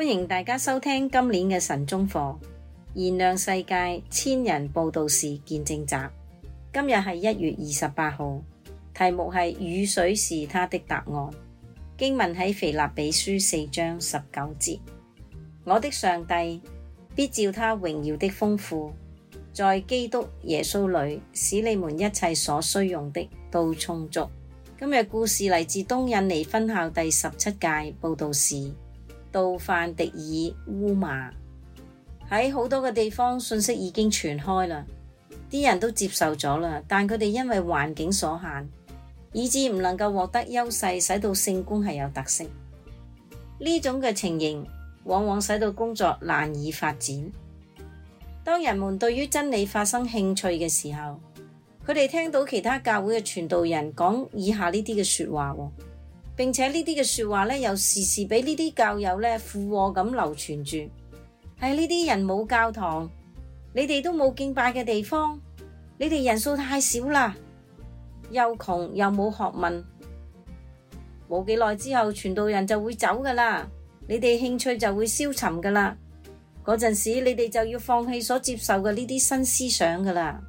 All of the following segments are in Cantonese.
歡迎大家收聽今年嘅晨鐘課，燃亮世界千人佈道士見證集。今日係一月二十八號，題目係雨水是祂的答案。經文喺腓立比書四章十九節。我的上帝必照他榮耀的豐富，在基督耶穌裡使你們一切所需用的都充足。今日故事嚟自東印尼分校第十七屆佈道士。杜范迪爾烏馬喺好多嘅地方，信息已經傳開啦，啲人都接受咗啦，但佢哋因為環境所限，以致唔能夠獲得優勢，使到聖觀係有特色。呢種嘅情形，往往使到工作難以發展。當人們對於真理發生興趣嘅時候，佢哋聽到其他教會嘅傳道人講以下呢啲嘅說話。並且呢啲嘅說話呢，又時時俾呢啲教友呢附和咁流傳住。唉、哎，呢啲人冇教堂，你哋都冇敬拜嘅地方，你哋人數太少啦，又窮又冇學問，冇幾耐之後，傳道人就會走噶啦，你哋興趣就會消沉噶啦，嗰陣時你哋就要放棄所接受嘅呢啲新思想噶啦。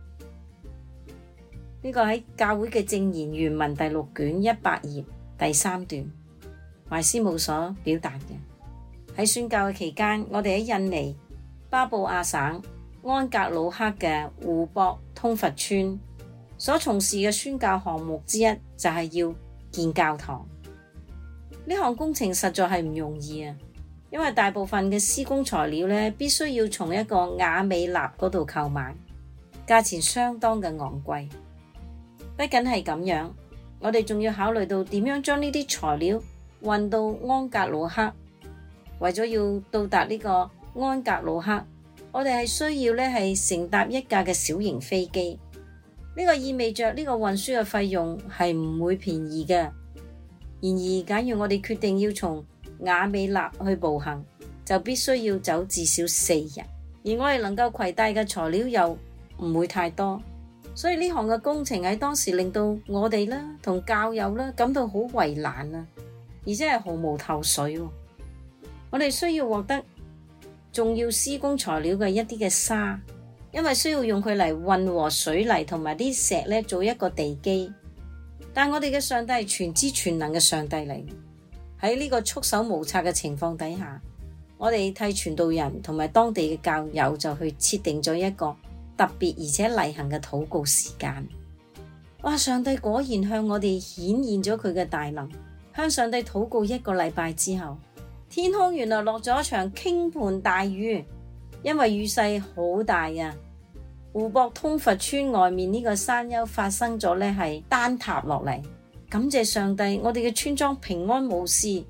呢、這個喺教會嘅證言原文第六卷一百頁。第三段，懷師母所表達嘅喺宣教嘅期間，我哋喺印尼巴布亞省安格魯克嘅湖泊通佛村所從事嘅宣教項目之一，就係要建教堂。呢項工程實在係唔容易啊，因為大部分嘅施工材料呢，必須要從一個雅美納嗰度購買，價錢相當嘅昂貴。不僅係咁樣。我哋仲要考慮到點樣將呢啲材料運到安格魯克，為咗要到達呢個安格魯克，我哋係需要係乘搭一架嘅小型飛機。呢、呢個意味着呢個運輸嘅費用係唔會便宜嘅。然而，假如我哋決定要從雅美納去步行，就必須要走至少四日，而我哋能夠攜帶嘅材料又唔會太多。所以呢項嘅工程喺當時令到我哋啦同教友啦感到好為難啊，而且係毫無頭緒。我哋需要獲得重要施工材料嘅一啲嘅沙，因為需要用佢嚟混合水泥同埋啲石咧，做一個地基。但我哋嘅上帝係全知全能嘅上帝嚟，喺呢個束手無策嘅情況底下，我哋替傳道人同埋當地嘅教友就去設定咗一個。特別而且例行嘅禱告時間，哇！上帝果然向我哋顯現咗佢嘅大能。向上帝禱告一個禮拜之後，天空原來落咗一場傾盆大雨，因為雨勢好大啊！湖泊通佛村外面呢個山丘發生咗呢係坍塌落嚟。感謝上帝，我哋嘅村莊平安無事。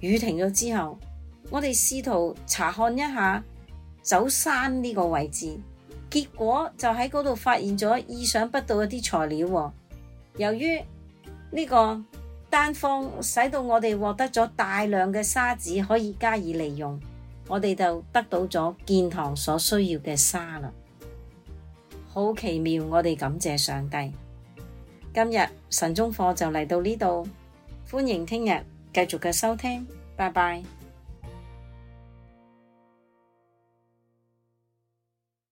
雨停咗之後，我哋試圖查看一下走山呢個位置。結果就喺嗰度發現咗意想不到嗰啲材料喎。由於呢個單方使到我哋獲得咗大量嘅沙子可以加以利用，我哋就得到咗建堂所需要嘅沙啦。好奇妙，我哋感謝上帝。今日晨鐘課就嚟到呢度，歡迎聽日繼續嘅收聽，拜拜。